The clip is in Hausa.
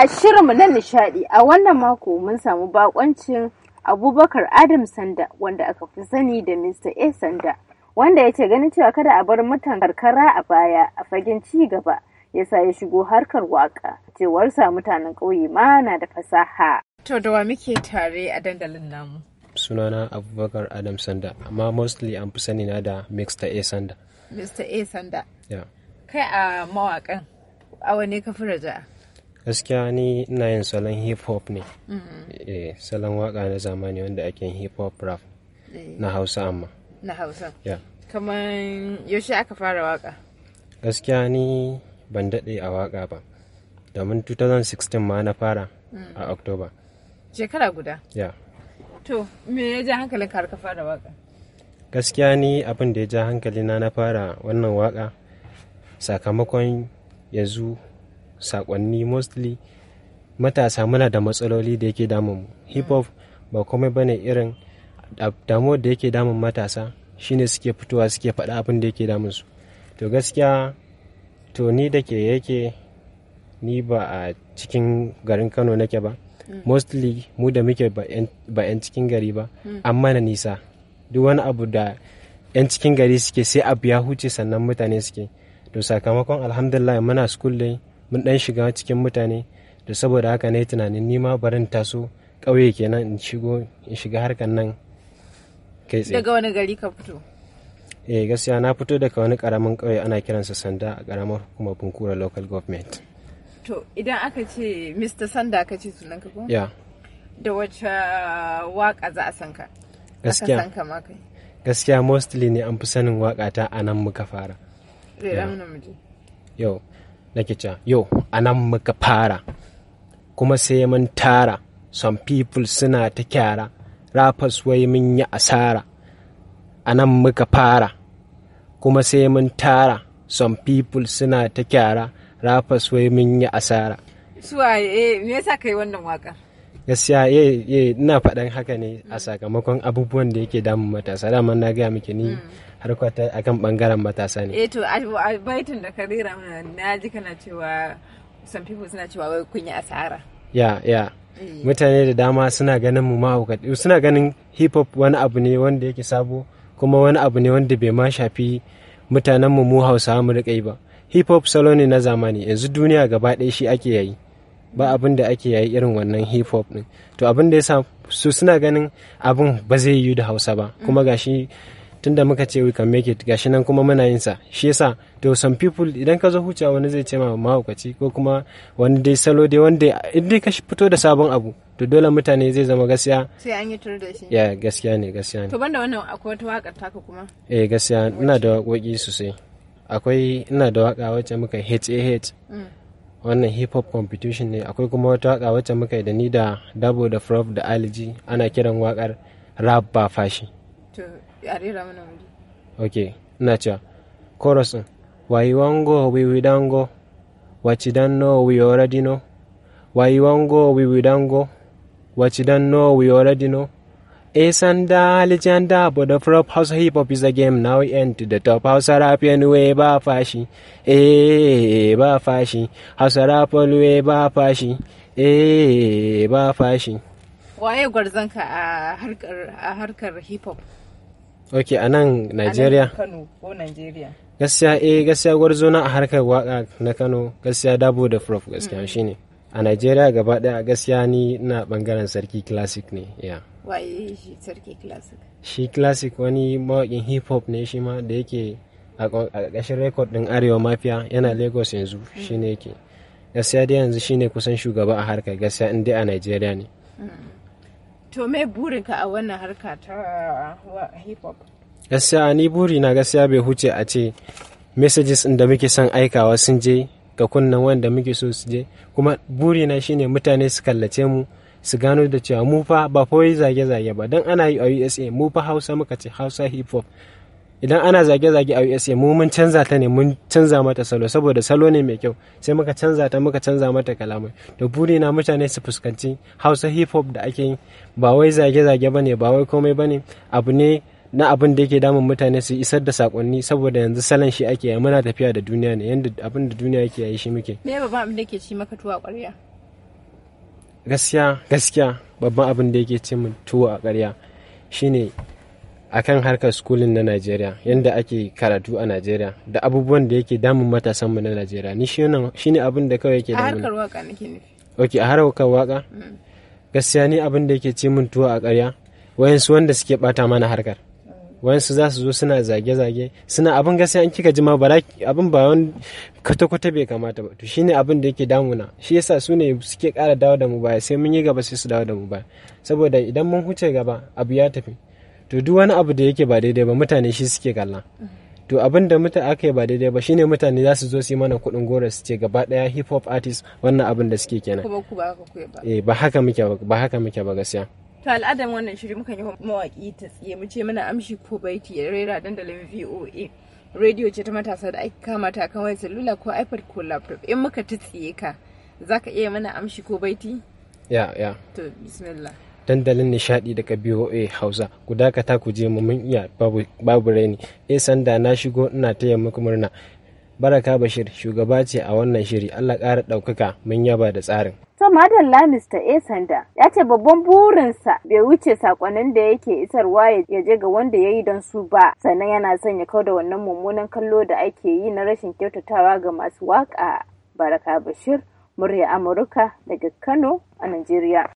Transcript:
A shirinmu na nishadi a wannan mako mun samu bakoncin Abubakar Adam Sanda wanda aka fi sani da Mr. A Sanda wanda ya ce ganin cewa kada a bar mutan karkara a baya a fagen ci gaba yasa ya shigo harkar waka cewarsa mutanen ƙauye ma na da fasaha. To da wa muke tare a dandalin namu? Sunana Abubakar Adam Sanda amma mostly an fi sani na da Mr. A Sanda. Mr. A Sanda. Yeah. Kai a mawakan a wani kafin raja'a? gaskiya ni ina yin salon hip hop ne mm-hmm. eh salon waka na zamani wanda ake yin hip hop rap eh. na hausa amma na hausa kamar yaushe aka fara waka gaskiya ni ban daɗe a waka ba domin 2016 ma na fara mm. a october shekara guda ya to me ya ja hankalin ka ka fara waka gaskiya ni abin da ya ja hankali na na fara wannan waka sakamakon yanzu sakonni mostly matasa muna da matsaloli da yake damun mu hip hop ba komai bane irin damo da yake damun matasa shine suke fitowa suke faɗa abin da yake damun su to gaskiya to ni da ke yake ni ba a cikin garin kano nake ba mm. mostly mu da muke ba 'yan cikin gari ba mm. amma na nisa duk wani abu da 'yan cikin gari suke sai abu ya huce sannan mutane suke to sakamakon alhamdulillah muna school dai mun dan shiga cikin mutane da saboda haka na yi tunanin nima barin taso ƙauye kenan in shigo in shiga harkan nan kai tsaye daga wani gari ka fito eh gaskiya na fito daga wani karamin ƙauye ana kiransa sanda a karamar hukumar bunkura local government to idan aka ce mr sanda ka ce sunan ka ko ya da wacce ah, waka za a san ka gaskiya gaskiya mostly ne an fi sanin waka ta a nan muka fara eh, yau nake cewa yau a nan muka fara kuma sai mun tara some people suna ta kyara rapers wai mun yi asara a nan muka fara kuma sai mun tara some people suna ta kyara rapers wai mun yi asara suwaye eh, me yasa kai wannan wakar gaskiya eh, eh ina faɗan haka ne a sakamakon abubuwan da yake damun matasa dama na gaya muke ni mm. Harkar ta kan bangaren matasa ne eh to a baitin da karira na ji kana cewa some people suna cewa wai kun yi asara ya ya eh. mutane da dama suna ganin mu ma'aukatu suna ganin hip hop wani abu ne wanda yake sabo kuma wani abu ne wanda bai ma shafi mutanen mu mu hausawa mu rika yi ba hip hop salo ne na zamani yanzu duniya gaba ɗaya shi ake yayi ba abin da ake yayi irin wannan hip hop din to abin da yasa su suna ganin abin ba zai yi da hausa ba kuma gashi tunda muka ce we can make it gashi nan kuma muna yin sa shi yasa to some people idan ka zo huca wani zai ce ma mahaukaci ko kuma wani dai salo dai wanda in dai ka fito da sabon abu to dole mutane zai zama gaskiya sai an yi tur da shi ya gaskiya ne gaskiya ne to banda wannan akwai wata wakar taka kuma eh gaskiya ina da wakoki sosai akwai ina da waka wacce muka HAH mm. wannan hip hop competition ne akwai kuma wata waka wacce muka yi da ni da dabo da prof da alji ana kiran wakar rap ba fashi a rera wuri ok ina cewa chorus why you go we we don't go what you don't know we already know why you go we we don't go what eh, da legenda but the flop house hip hop is the game now and to the top house rap anyway ba fashi eh ba fashi house rap anyway ba fashi eh ba fashi waye gwarzanka a harkar hip hop ok a nan nigeria kano ko gaskiya eh gaskiya gwarzo na a harkar waka na kano gaskiya dabo da prof gaskiya mm. shine a nigeria gaba daya gaskiya ni na bangaren sarki classic ne ya shi classic wani mawakin hip hop ne shi ma da yake a ƙarƙashin rekod ɗin arewa mafiya yana lagos yanzu mm. shine yake gaskiya dai yanzu shine kusan shugaba a harkar gaskiya in dai a nigeria ne to mai burinka a wannan harka ta hip hop gaskiya ni buri na gaskiya bai huce a ce messages da muke son aikawa sun je ga kunnen wanda muke so su je kuma buri na shine mutane su kallace mu su gano da cewa mu fa ba fa zage-zage ba dan ana yi a usa mu fa hausa muka ce hausa hip hop idan ana zage-zage a USA mu mun canza ta ne mun canza mata salo saboda salo ne mai kyau sai muka canza ta muka canza mata kalamai da buri na mutane su fuskanci Hausa hip hop da ake yi ba wai zage-zage bane ba wai komai bane abu ne na abin da yake damun mutane su isar da sakonni saboda yanzu salon shi ake muna tafiya da duniya ne yanda abin da duniya yake yi shi muke me babban abin da yake ci maka tuwa ƙwarya gaskiya gaskiya babban abin da yake ci min tuwa a ƙarya shine akan harkar skulin na Najeriya yadda ake karatu a Najeriya da abubuwan da yake damun matasanmu na Najeriya ni shi ne abin da kawai yake damun a harkar waka nake nufi ok a harkar waka mm. gaskiya ni abin da yake ci mun tuwa a ƙarya wayansu wanda suke bata mana harkar wayansu za su zo suna zage-zage suna abin gaskiya an kika jima bara abin ba wani kwata-kwata bai kamata ba to shi ne abin da yake damuna shi yasa su ne suke ƙara dawo da mu baya sai mun yi gaba sai su dawo da mu baya saboda idan mun huce gaba abu ya tafi to duk wani abu da yake ba daidai ba mutane shi suke kalla to abin da mutane aka yi ba daidai ba shine mutane za su zo su yi mana kuɗin gora su ce gaba ɗaya hip hop artist wannan abin da suke kenan kuma ba haka ku ba eh ba haka muke ba haka muke ba gaskiya to al'adar wannan shiri muka yi mawaki ta tsiye mu ce mana amshi ko baiti ya rera dandalin VOA rediyo ce ta matasa da ake kama ta kan wayar salula ko ipad ko laptop in muka ta tsiye ka zaka iya mana amshi ko baiti ya ya to bismillah dandalin nishadi daga BOA Hausa ku dakata ku je mu mun iya babu raini eh sanda na shigo ina taya muku murna Baraka Bashir shugaba ce a wannan shiri Allah ƙara ɗaukaka mun yaba da tsarin. To Madalla Mr. A Sanda ya ce babban burinsa bai wuce sakonnin da yake isarwa ya je ga wanda ya yi don su ba sannan yana son ya kau da wannan mummunan kallo da ake yi na rashin kyautatawa ga masu waƙa Baraka Bashir murya Amurka daga Kano a Najeriya.